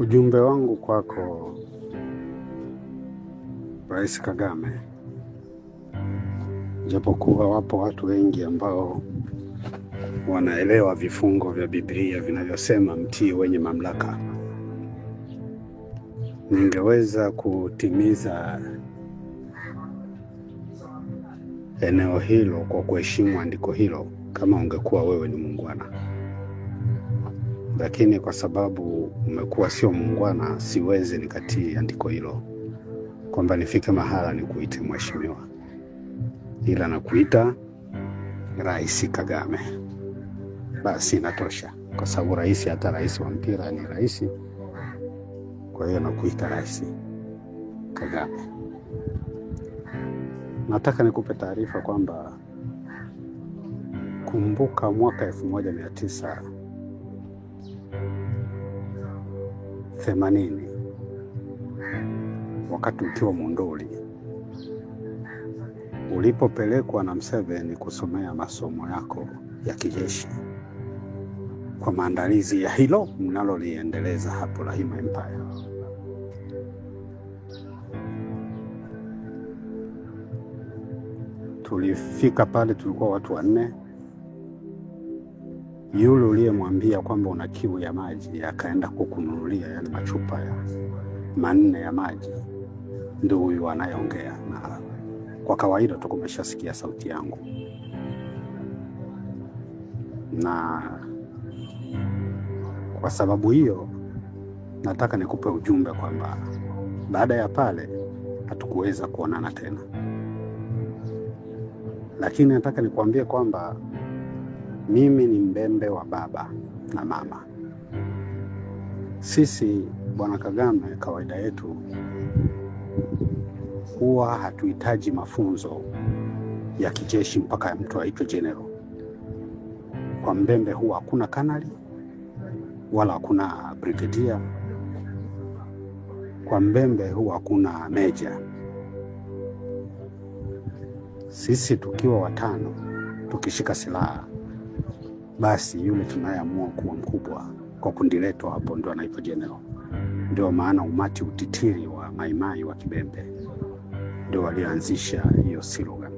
Ujumbe wangu kwako Rais Kagame, japokuwa wapo watu wengi ambao wanaelewa vifungo vya Biblia vinavyosema mtii wenye mamlaka, ningeweza kutimiza eneo hilo kwa kuheshimu andiko hilo kama ungekuwa wewe ni mungwana lakini kwa sababu umekuwa sio muungwana, siwezi nikatii andiko hilo kwamba nifike mahala nikuite mheshimiwa, ila nakuita Rais Kagame. Basi inatosha, kwa sababu rais, hata rais wa mpira ni rais. Kwa hiyo nakuita Rais Kagame. Nataka nikupe taarifa kwamba kumbuka, mwaka elfu moja mia tisa themanini wakati ukiwa Monduli ulipopelekwa na Mseveni kusomea masomo yako ya kijeshi kwa maandalizi ya hilo mnaloliendeleza hapo Hima Empire. Tulifika pale tulikuwa watu wanne yule uliyemwambia kwamba una kiu ya maji akaenda kukununulia yani machupa ya manne ya maji, ndo huyu anayeongea. Na kwa kawaida tu kumeshasikia sauti yangu, na kwa sababu hiyo nataka nikupe ujumbe kwamba baada ya pale hatukuweza kuonana tena, lakini nataka nikuambie kwamba mimi ni mbembe wa baba na mama. Sisi Bwana Kagame, kawaida yetu huwa hatuhitaji mafunzo ya kijeshi mpaka mtu aitwe general. Kwa mbembe huwa hakuna kanali wala hakuna brigedia. Kwa mbembe huwa hakuna meja. Sisi tukiwa watano tukishika silaha basi yule tunayeamua kuwa mkubwa kwa kundi letu hapo ndo anaipa jeneo. Ndio maana umati utitiri wa maimai wa Kibembe ndio walioanzisha hiyo slogan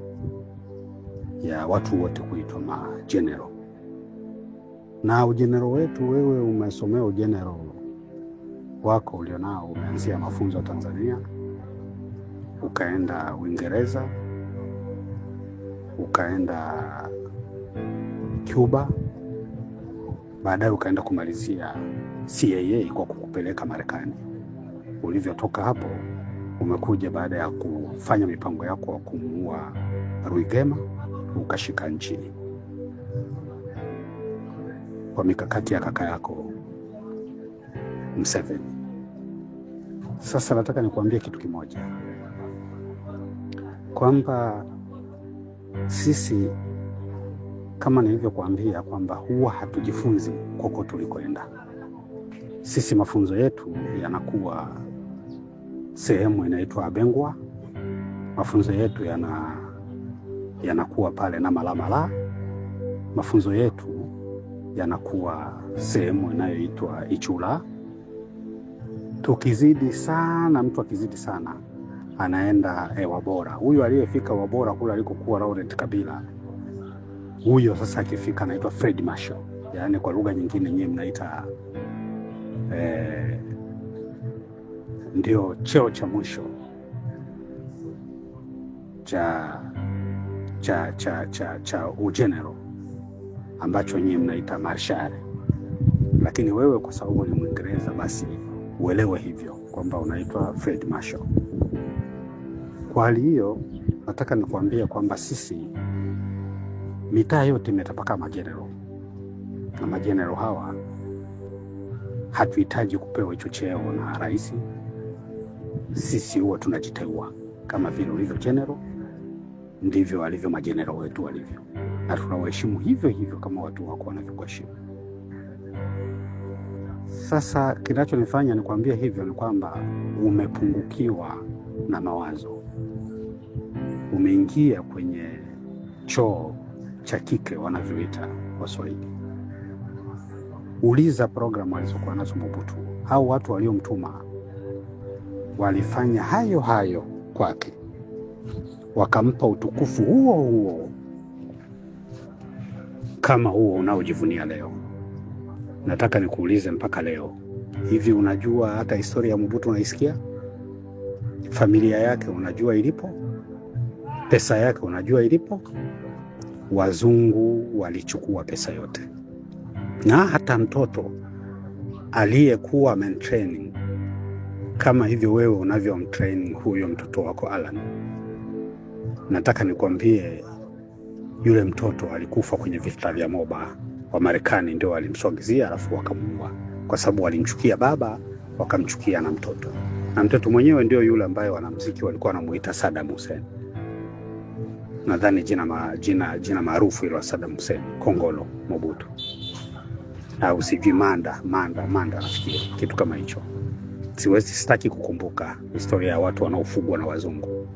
ya watu wote kuitwa majenero. Na ujenero wetu, wewe umesomea ujenero wako ulionao, umeanzia mafunzo Tanzania, ukaenda Uingereza, ukaenda Cuba baadaye ukaenda kumalizia cia kwa kukupeleka Marekani. Ulivyotoka hapo umekuja baada ya kufanya mipango yako ya kumuua Rwigema ukashika nchini kwa mikakati ya kaka yako Mseveni. Sasa nataka nikuambie kitu kimoja kwamba sisi kama nilivyokuambia kwamba huwa hatujifunzi koko tulikoenda. Sisi mafunzo yetu yanakuwa sehemu inaitwa Abengwa, mafunzo yetu yana yanakuwa pale na Malamala, mafunzo yetu yanakuwa sehemu inayoitwa Ichula. Tukizidi sana, mtu akizidi sana anaenda Ewabora. Eh, Huyu aliyefika Wabora kule alikokuwa Laurent Kabila huyo sasa akifika anaitwa Fred Marshall, yaani kwa lugha nyingine nyie mnaita eh, ndio cheo cha mwisho cha cha cha cha, cha ugeneral ambacho nyie mnaita marshare, lakini wewe kwa sababu ni Mwingereza basi uelewe hivyo kwamba unaitwa Fred Marshall. Kwa hali hiyo, nataka nikuambie kwamba sisi mitaa yote imetapakaa majenero, na majenero hawa hatuhitaji kupewa hicho cheo na rais. Sisi huwa tunajiteua kama vile ulivyo general, ndivyo alivyo majenero wetu walivyo, na tunawaheshimu hivyo hivyo kama watu wako wanavyokuheshimu. Sasa kinachonifanya nikwambie hivyo ni kwamba umepungukiwa na mawazo, umeingia kwenye choo cha kike wanavyoita Waswahili. Uliza programu alizokuwa nazo Mobutu au watu waliomtuma walifanya hayo hayo kwake, wakampa utukufu huo huo kama huo unaojivunia leo. Nataka nikuulize mpaka leo hivi, unajua hata historia ya mubutu unaisikia? Familia yake unajua ilipo? Pesa yake unajua ilipo? wazungu walichukua pesa yote, na hata mtoto aliyekuwa mentraining kama hivyo wewe unavyomtraining huyo mtoto wako Alan, nataka nikwambie yule mtoto alikufa kwenye vita vya Moba. wa marekani ndio walimsogezia alafu wakamuua kwa sababu walimchukia baba, wakamchukia na mtoto, na mtoto mwenyewe ndio yule ambaye wanamziki walikuwa wanamuita sadam husen nadhani jina ma, jina jina maarufu ilo la Saddam Hussein, Kongolo Mobutu au sijui Manda Manda Manda, nafikiri kitu kama hicho. Siwezi, sitaki kukumbuka historia ya watu wanaofugwa na wazungu.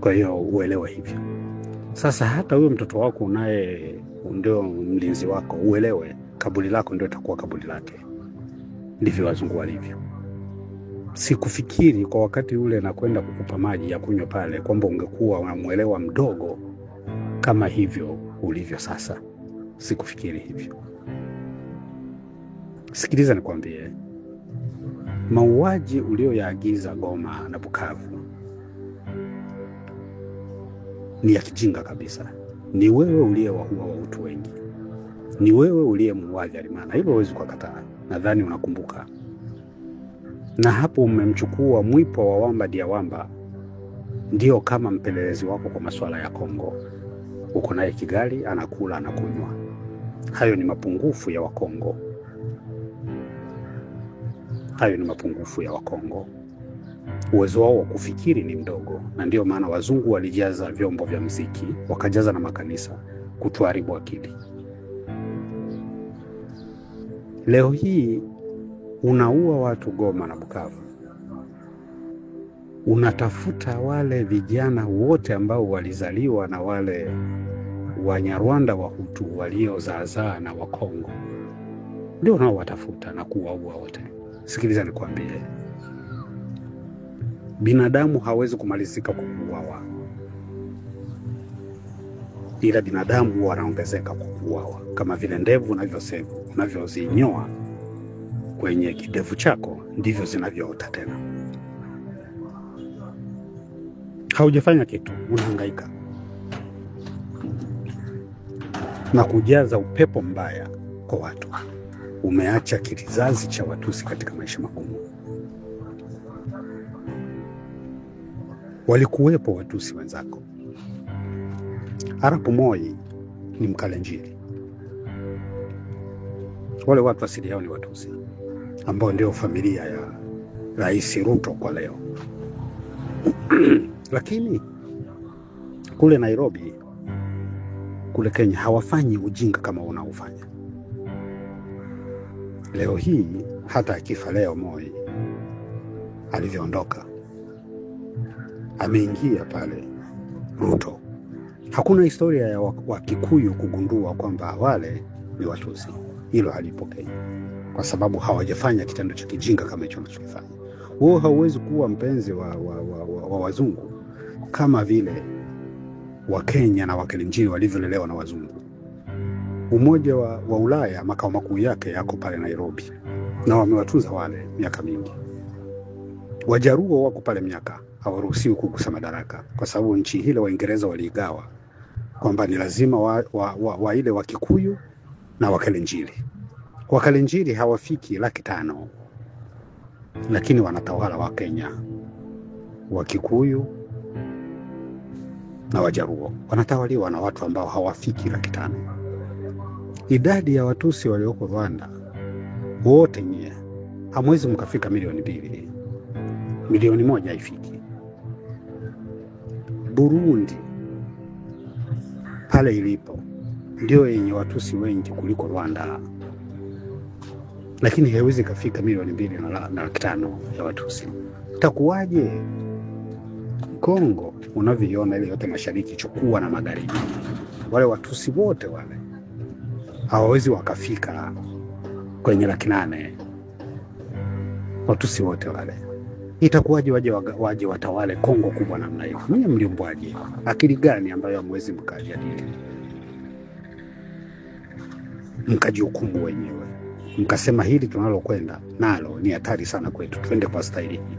Kwa hiyo uelewe hivyo. Sasa hata huyo mtoto wako unaye ndio mlinzi wako, uelewe kaburi lako ndio itakuwa kaburi lake. Ndivyo wazungu walivyo sikufikiri kwa wakati ule nakwenda kukupa maji ya kunywa pale kwamba ungekuwa unamwelewa mdogo kama hivyo ulivyo sasa. Sikufikiri hivyo. Sikiliza nikwambie, mauaji ulioyaagiza Goma na Bukavu ni ya kijinga kabisa. Ni wewe wahua wautu wengi, ni wewe uliyemuua alimana hilo huwezi kataa Nadhani unakumbuka na hapo umemchukua Mwipo wa Wamba Diawamba ndio kama mpelelezi wako kwa masuala ya Kongo. Uko naye Kigali, anakula anakunywa. Hayo ni mapungufu ya Wakongo, hayo ni mapungufu ya Wakongo. Uwezo wao wa kufikiri ni mdogo, na ndiyo maana wazungu walijaza vyombo vya mziki, wakajaza na makanisa kutuharibu akili. Leo hii unaua watu Goma na Bukavu, unatafuta wale vijana wote ambao walizaliwa na wale Wanyarwanda Wahutu waliozaazaa na Wakongo, ndio unaowatafuta na kuwaua wote. Sikiliza nikwambie, binadamu hawezi kumalizika kwa kuuawa, ila binadamu huwa wanaongezeka kwa kuuawa, kama vile ndevu unavyosevu unavyozinyoa kwenye kidevu chako ndivyo zinavyoota tena. Haujafanya kitu, unahangaika na kujaza upepo mbaya kwa watu. Umeacha kizazi cha Watusi katika maisha magumu. Walikuwepo Watusi wenzako. Arapu Moi ni Mkalenjini. Wale watu asili yao ni Watusi ambao ndio familia ya Rais Ruto kwa leo lakini kule Nairobi kule Kenya hawafanyi ujinga kama unaofanya leo hii. Hata akifa leo Moi alivyoondoka, ameingia pale Ruto, hakuna historia ya Wakikuyu kugundua kwamba wale ni Watusi. Hilo halipo Kenya kwa sababu hawajafanya kitendo cha kijinga kama hicho wanachokifanya. Wewe hauwezi kuwa mpenzi wa, wa, wa, wa, wa wazungu kama vile Wakenya na Wakalenjini walivyolelewa na wazungu. Umoja wa, wa Ulaya makao makuu yake yako pale Nairobi na wamewatunza wale miaka mingi. Wajaruo wako pale miaka, hawaruhusiwi kugusa madaraka kwa sababu nchi hile Waingereza waliigawa kwamba ni lazima waile wa, wa, wa Wakikuyu na wakelenjili Wakalenjini hawafiki laki tano lakini wanatawala wa Kenya, Wakikuyu na Wajaruo wanatawaliwa na watu ambao hawafiki laki tano. Idadi ya Watusi walioko Rwanda wote nyie hamwezi mkafika milioni mbili, milioni moja haifiki. Burundi pale ilipo ndio yenye Watusi wengi kuliko Rwanda lakini haiwezi ikafika milioni mbili na laki tano ya Watusi. takuwaje Kongo unavyoiona ile yote mashariki, chukua na magharibi, wale Watusi wote wale hawawezi wakafika kwenye laki nane Watusi wote wale itakuwaje waje, waje watawale Kongo kubwa namna hiyo? Mimi mlimbwaje? Akili gani ambayo amwezi mkajadili mkajihukumu wenyewe? mkasema hili tunalokwenda nalo ni hatari sana kwetu, twende kwa staili hii.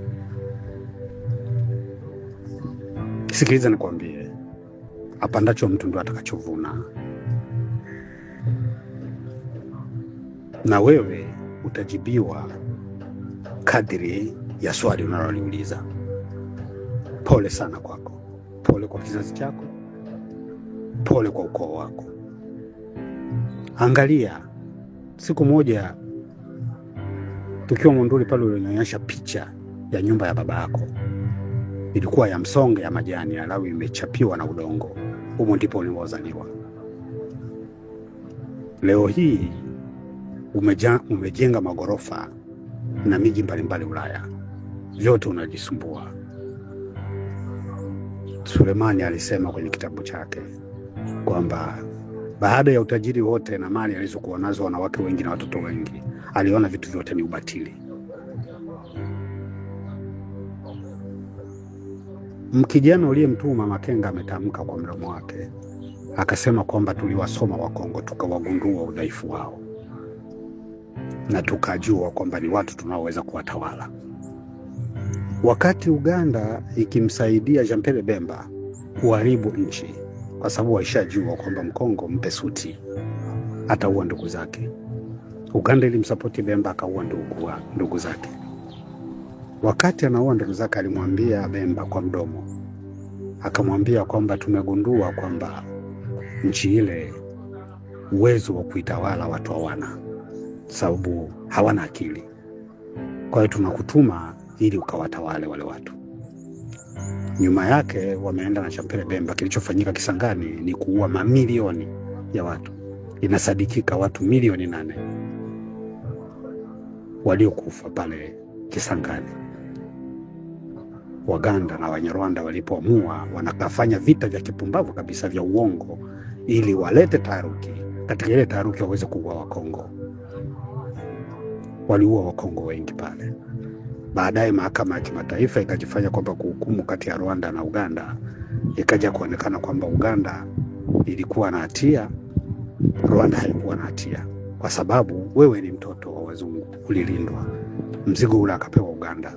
Sikiliza nikwambie, apandacho mtu ndo atakachovuna, na wewe utajibiwa kadiri ya swali unaloliuliza. Pole sana kwako, pole kwa kizazi chako, pole kwa ukoo wako. Angalia siku moja tukiwa munduli pale, ulinionyesha picha ya nyumba ya baba yako, ilikuwa ya msonge ya majani, alau imechapiwa na udongo. Humo ndipo uliozaliwa. Leo hii umeja, umejenga magorofa na miji mbalimbali Ulaya, vyote unajisumbua. Sulemani alisema kwenye kitabu chake kwamba baada ya utajiri wote na mali alizokuwa nazo, wanawake wengi na watoto wengi, aliona vitu vyote ni ubatili. Mkijana uliyemtuma Makenga ametamka kwa mdomo wake, akasema kwamba tuliwasoma Wakongo tukawagundua udhaifu wao na tukajua kwamba ni watu tunaoweza kuwatawala. Wakati Uganda ikimsaidia Jean Pierre Bemba kuharibu nchi kwa sababu waishajua kwamba Mkongo mpe suti, ataua ndugu zake. Uganda ilimsapoti Bemba akaua ndugu, ndugu zake. Wakati anaua ndugu zake alimwambia Bemba kwa mdomo, akamwambia kwamba tumegundua kwamba nchi ile uwezo wa kuitawala watu hawana, sababu hawana akili. Kwa hiyo tunakutuma ili ukawatawale wale watu nyuma yake wameenda na Champele Bemba. Kilichofanyika Kisangani ni kuua mamilioni ya watu, inasadikika watu milioni nane waliokufa pale Kisangani. Waganda na Wanyarwanda walipoamua wanakafanya vita vya kipumbavu kabisa vya uongo, ili walete taharuki. Katika ile taharuki waweze kuua Wakongo, waliua Wakongo wengi pale. Baadaye mahakama ya kimataifa ikajifanya kwamba kuhukumu kati ya Rwanda na Uganda, ikaja kuonekana kwamba Uganda ilikuwa na hatia, Rwanda haikuwa na hatia, kwa sababu wewe ni mtoto wa wazungu, ulilindwa. Mzigo ule akapewa Uganda.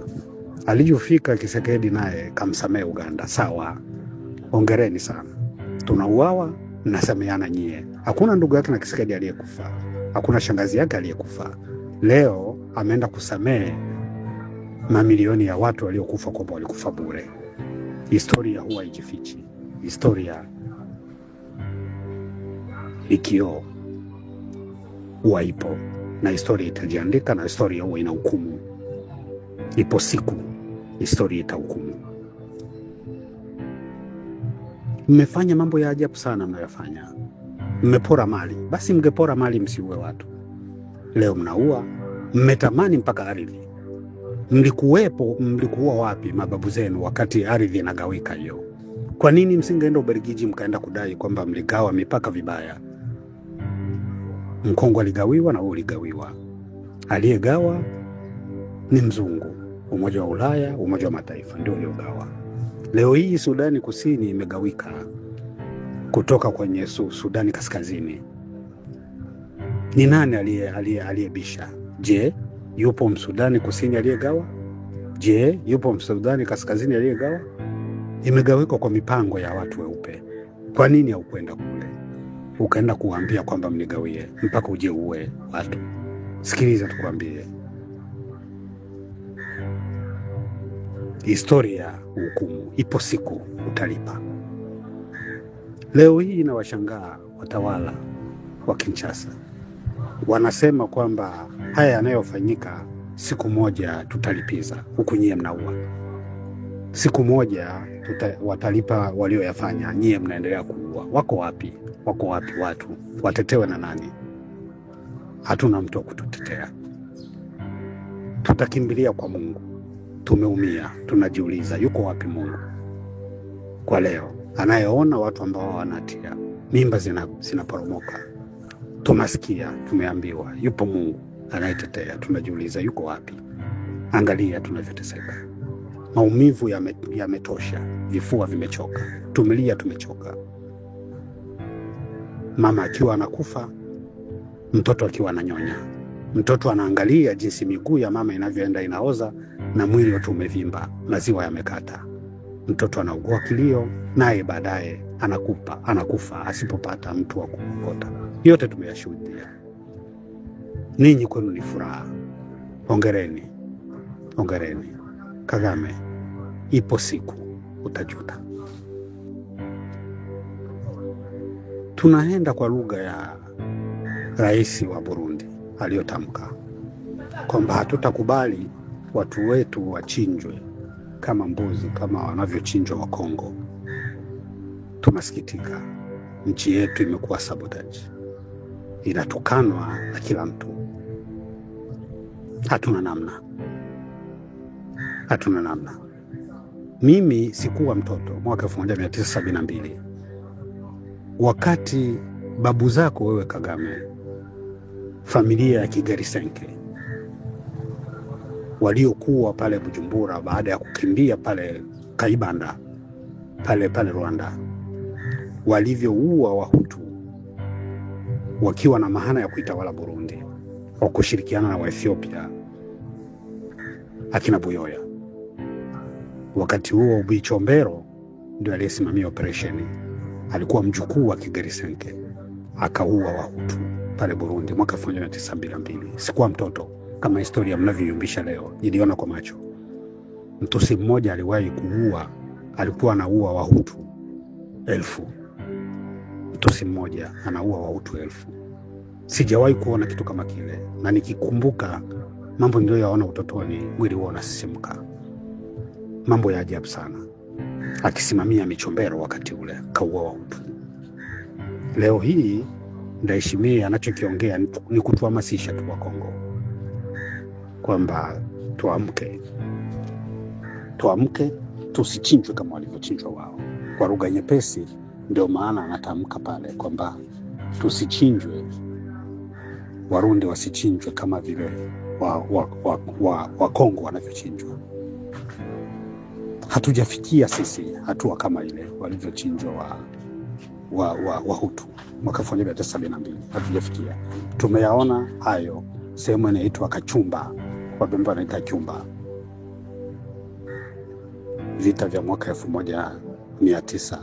Alivyofika Kisekedi naye kamsamee Uganda, sawa, ongereni sana, tunauawa mnasameana nyie. Hakuna ndugu yake na Kisekedi aliyekufa, hakuna shangazi yake aliyekufa. Leo ameenda kusamee mamilioni ya watu waliokufa kwamba walikufa bure. Historia huwa ikifichi historia ikioo huwa ipo na historia itajiandika, na historia huwa ina hukumu. Ipo siku historia itahukumu. Mmefanya mambo ya ajabu sana mnayofanya. Mmepora mali, basi mngepora mali msiue watu. Leo mnaua, mmetamani mpaka ardhi mlikuwepo, mlikuwa wapi mababu zenu wakati ardhi inagawika hiyo? Kwa nini msingeenda Ubelgiji mkaenda kudai kwamba mligawa mipaka vibaya? Mkongo aligawiwa na wewe uligawiwa, aliyegawa ni mzungu. Umoja wa Ulaya, Umoja wa Mataifa ndio uliogawa. Leo hii Sudani Kusini imegawika kutoka kwenye Sudani Kaskazini. Ni nani aliyebisha? Je, Yupo Msudani kusini aliyegawa? Je, yupo Msudani kaskazini aliyegawa? Imegawikwa kwa mipango ya watu weupe. Kwa nini haukwenda kule ukaenda kuwambia kwamba mnigawie mpaka uje uwe watu? Sikiliza tukuambie historia ya hukumu, ipo siku utalipa. Leo hii inawashangaa watawala wa Kinshasa wanasema kwamba haya yanayofanyika, siku moja tutalipiza, huku nyie mnaua, siku moja tuta, watalipa walioyafanya, nyie mnaendelea kuua. Wako wapi? Wako wapi watu? Watetewe na nani? Hatuna mtu wa kututetea, tutakimbilia kwa Mungu. Tumeumia, tunajiuliza yuko wapi Mungu kwa leo, anayeona watu ambao wanatia mimba zinaporomoka, zina tumasikia tumeambiwa yupo Mungu anayetetea. Tunajiuliza yuko wapi? Angalia tunavyoteseka, maumivu yametosha, ya vifua vimechoka, tumelia, tumechoka. Mama akiwa anakufa, mtoto akiwa ananyonya, mtoto anaangalia jinsi miguu ya mama inavyoenda inaoza, na mwili wote umevimba, maziwa yamekata, mtoto anaugua kilio, naye baadaye anakupa anakufa asipopata mtu wa kumwokota. Yote tumeyashuhudia. Ninyi kwenu ni furaha, ongereni, ongereni. Kagame, ipo siku utajuta. Tunaenda kwa lugha ya rais wa Burundi aliyotamka kwamba hatutakubali watu wetu wachinjwe kama mbuzi kama wanavyochinjwa Wakongo. Tunasikitika, nchi yetu imekuwa sabotage, inatukanwa na kila mtu. Hatuna namna, hatuna namna. Mimi sikuwa mtoto mwaka mbili wakati babu zako wewe Kagame, familia ya Kigari Senke waliokuwa pale Bujumbura baada ya kukimbia pale Kaibanda pale pale Rwanda walivyoua Wahutu wakiwa na maana ya kuitawala Burundi kwa kushirikiana na Waethiopia akina Buyoya. Wakati huo Bichombero ndio aliyesimamia operesheni, alikuwa mjukuu wa Kigeri Senke, akaua Wahutu pale Burundi mwaka 1972. Sikuwa mtoto kama historia mnavyoyumbisha leo, niliona kwa macho. Mtusi mmoja aliwahi kuua, alikuwa anaua Wahutu elfu mtusi mmoja anaua wautu elfu. Sijawahi kuona kitu kama kile, na nikikumbuka mambo niliyoyaona utotoni, mwili huo unasisimka. Mambo ya ajabu sana. Akisimamia michombero wakati ule kaua wautu. Leo hii ndaheshimia anachokiongea ni kutuhamasisha tu Wakongo kwamba tuamke, tuamke, tusichinjwe kama walivyochinjwa wao, kwa lugha nyepesi ndio maana anatamka pale kwamba tusichinjwe, Warundi wasichinjwe kama vile Wakongo wa, wa, wa, wa wanavyochinjwa. Hatujafikia sisi hatua kama ile walivyochinjwa wa Wahutu wa, wa mwaka 1972 hatujafikia. Tumeyaona hayo sehemu inaitwa Kachumba, Wabembe wanaita Chumba, vita vya mwaka elfu moja mia tisa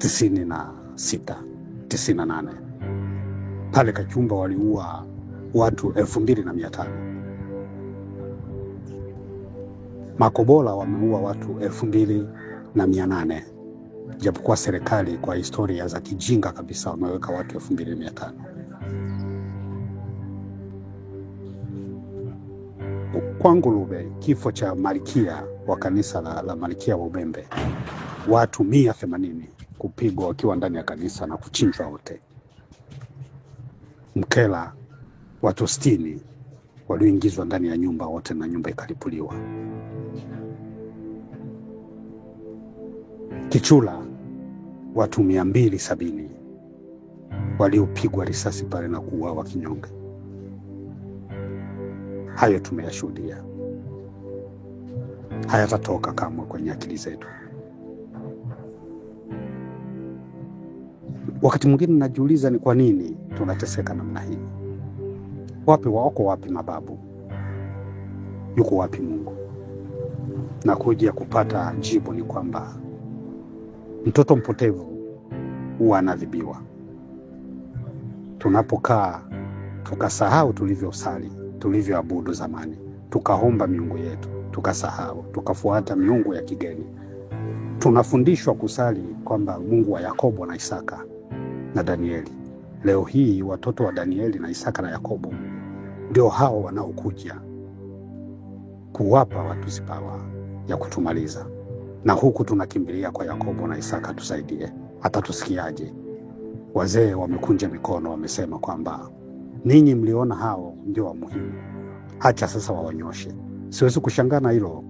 tisini na sita tisini na nane pale Kachumba waliua watu elfu mbili na mia tano Makobola wameua watu elfu mbili na mia nane japokuwa serikali kwa historia za kijinga kabisa wameweka watu elfu mbili na mia tano kwa Ngulube. Kifo cha malkia wa kanisa la, la malkia wa Ubembe watu mia themanini kupigwa wakiwa ndani ya kanisa na kuchinjwa wote. Mkela watu stini walioingizwa ndani ya nyumba wote na nyumba ikalipuliwa. Kichula watu mia mbili sabini waliopigwa risasi pale na kuuawa kinyonge. Hayo tumeyashuhudia, hayatatoka kamwe kwenye akili zetu. Wakati mwingine najiuliza ni kwa nini tunateseka namna hii. Wapi wako wapi mababu? Yuko wapi Mungu? Na kuja kupata jibu ni kwamba mtoto mpotevu huwa anadhibiwa Tunapokaa tukasahau tulivyosali, tulivyoabudu zamani, tukaomba miungu yetu, tukasahau, tukafuata miungu ya kigeni. Tunafundishwa kusali kwamba Mungu wa Yakobo na Isaka na Danieli. Leo hii watoto wa Danieli na Isaka na Yakobo ndio hao wanaokuja kuwapa watu sipawa ya kutumaliza, na huku tunakimbilia kwa Yakobo na Isaka, tusaidie. Atatusikiaje? Wazee wamekunja mikono, wamesema kwamba ninyi mliona hao ndio wa muhimu, hacha sasa wawanyoshe. Siwezi kushangaa na hilo.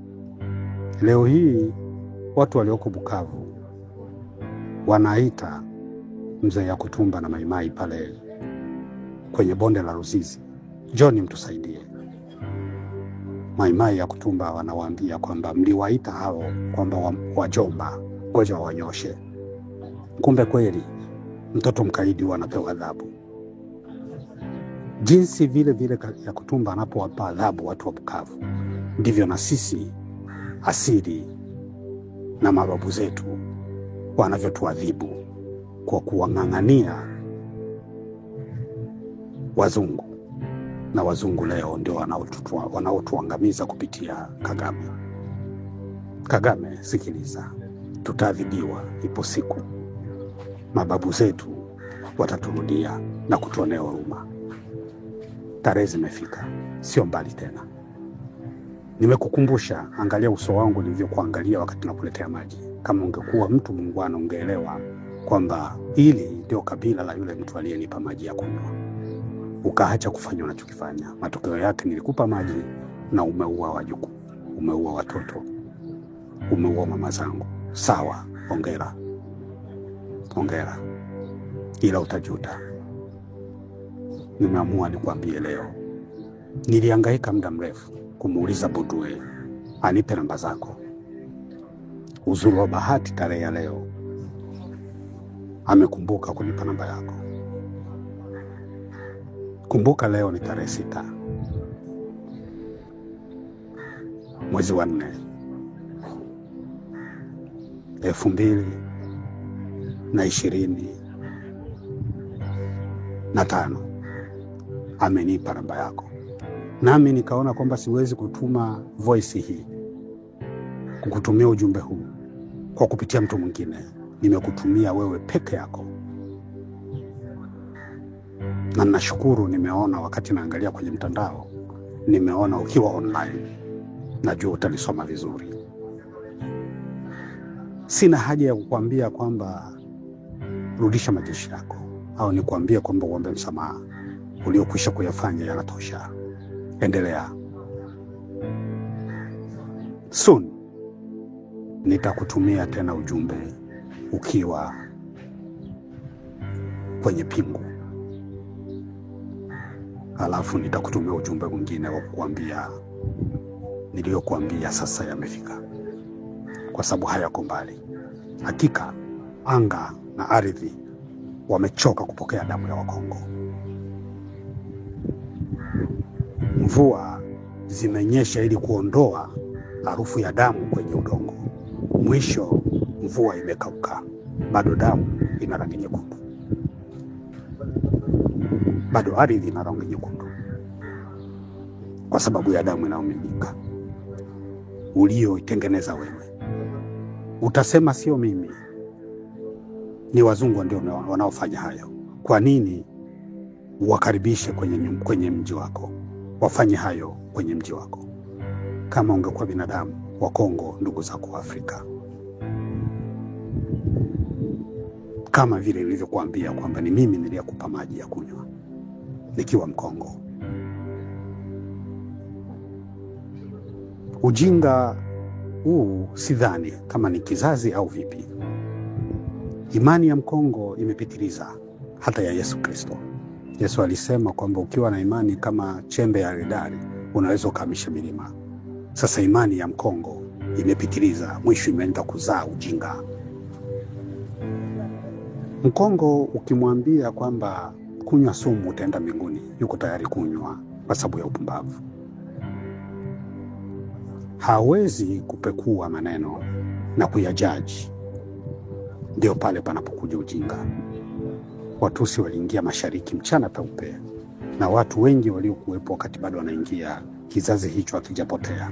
Leo hii watu walioko Bukavu wanaita mzee ya kutumba na Maimai pale kwenye bonde la Ruzizi, njoni mtusaidie. Maimai ya kutumba wanawaambia kwamba mliwaita hao kwamba wajomba, ngoja wawanyoshe. Kumbe kweli mtoto mkaidi wanapewa adhabu jinsi vile vile kutumba anapowapa adhabu watu wa Bukavu, ndivyo na sisi asili na mababu zetu wanavyotuadhibu kwa kuwang'ang'ania wazungu, na wazungu leo ndio wanaotuangamiza kupitia Kagame. Kagame, sikiliza, tutaadhibiwa. Ipo siku mababu zetu wataturudia na kutuonea huruma. Tarehe zimefika, sio mbali tena. Nimekukumbusha, angalia uso wangu nilivyokuangalia wakati nakuletea maji. Kama ungekuwa mtu muungwana, ungeelewa kwamba hili ndio kabila la yule mtu aliyenipa maji ya kunywa, ukaacha kufanya unachokifanya. Matokeo yake nilikupa maji na umeua wajukuu, umeua watoto, umeua mama zangu. Sawa, ongera, ongera, ila utajuta. Nimeamua nikuambie leo, niliangaika muda mrefu kumuuliza Budue anipe namba zako. Uzuri wa bahati, tarehe ya leo amekumbuka kunipa namba yako. Kumbuka leo ni tarehe sita mwezi wa nne elfu mbili na ishirini na tano amenipa namba yako, nami nikaona kwamba siwezi kutuma voisi hii kukutumia ujumbe huu kwa kupitia mtu mwingine nimekutumia wewe peke yako, na nashukuru, nimeona wakati naangalia kwenye mtandao, nimeona ukiwa online, najua utalisoma vizuri. Sina haja ya kukwambia kwamba rudisha majeshi yako au nikuambie kwamba uombe msamaha. Uliokwisha kuyafanya yanatosha, endelea. Soon nitakutumia tena ujumbe ukiwa kwenye pingu, alafu nitakutumia ujumbe mwingine wa kukuambia niliyokuambia sasa yamefika, kwa sababu hayako mbali. Hakika anga na ardhi wamechoka kupokea damu ya Wakongo. Mvua zimenyesha ili kuondoa harufu ya damu kwenye udongo. Mwisho mvua imekauka, bado damu ina rangi nyekundu, bado ardhi ina rangi nyekundu kwa sababu ya damu inayomiminika ulioitengeneza wewe. Utasema sio mimi, ni wazungu ndio wanaofanya hayo. Kwa nini wakaribishe kwenye, kwenye mji wako wafanye hayo kwenye mji wako? Kama ungekuwa binadamu wa Kongo, ndugu zako wa Afrika kama vile ilivyokuambia kwamba ni mimi niliyakupa maji ya kunywa nikiwa mkongo. Ujinga huu sidhani kama ni kizazi au vipi. Imani ya mkongo imepitiliza hata ya Yesu Kristo. Yesu alisema kwamba ukiwa na imani kama chembe ya redari unaweza ukahamisha milima. Sasa imani ya mkongo imepitiliza, mwisho imeenda kuzaa ujinga. Mkongo ukimwambia kwamba kunywa sumu utaenda mbinguni, yuko tayari kunywa kwa sababu ya upumbavu. Hawezi kupekua maneno na kuyajaji. Ndio pale panapokuja ujinga. Watusi waliingia mashariki mchana peupe, na watu wengi waliokuwepo wakati bado wanaingia, kizazi hicho akijapotea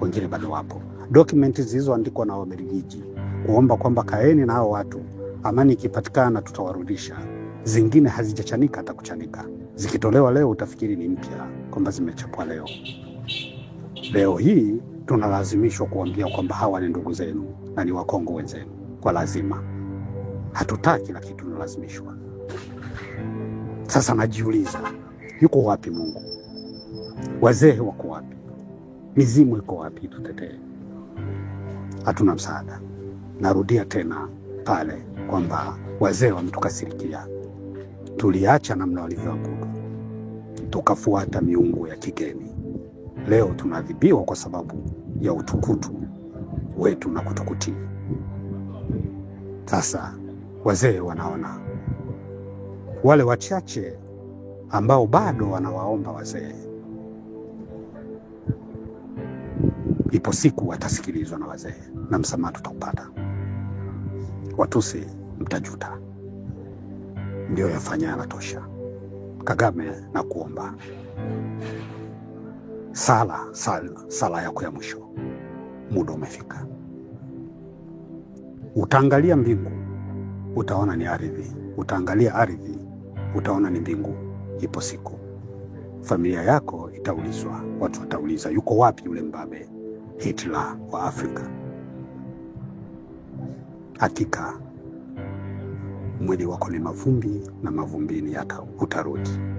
wengine bado wapo. Dokumenti zilizoandikwa na Wabelgiji kuomba kwamba kaeni na hao watu Amani ikipatikana tutawarudisha, zingine hazijachanika hata kuchanika. Zikitolewa leo utafikiri ni mpya, kwamba zimechapwa leo. Leo hii tunalazimishwa kuambia kwamba hawa ni ndugu zenu na ni Wakongo wenzenu kwa lazima. Hatutaki, lakini tunalazimishwa. Sasa najiuliza, yuko wapi Mungu? Wazee wako wapi? Mizimu iko wapi? Tutetee, hatuna msaada. Narudia tena pale kwamba wazee wametukasirikia, tuliacha namna walivyoabudu tukafuata miungu ya kigeni. Leo tunaadhibiwa kwa sababu ya utukutu wetu na kutukuti Sasa wazee wanaona wale wachache ambao bado wanawaomba wazee, ipo siku watasikilizwa na wazee na msamaha tutaupata. Watusi mtajuta. ndio yafanya yanatosha. Kagame na kuomba sala, sala, sala yako ya mwisho, muda umefika. Utaangalia mbingu utaona ni ardhi, utaangalia ardhi utaona ni mbingu. Ipo siku familia yako itaulizwa, watu watauliza, yuko wapi yule mbabe Hitler wa Afrika? Hakika mwili wako ni mavumbi na mavumbini utarudi.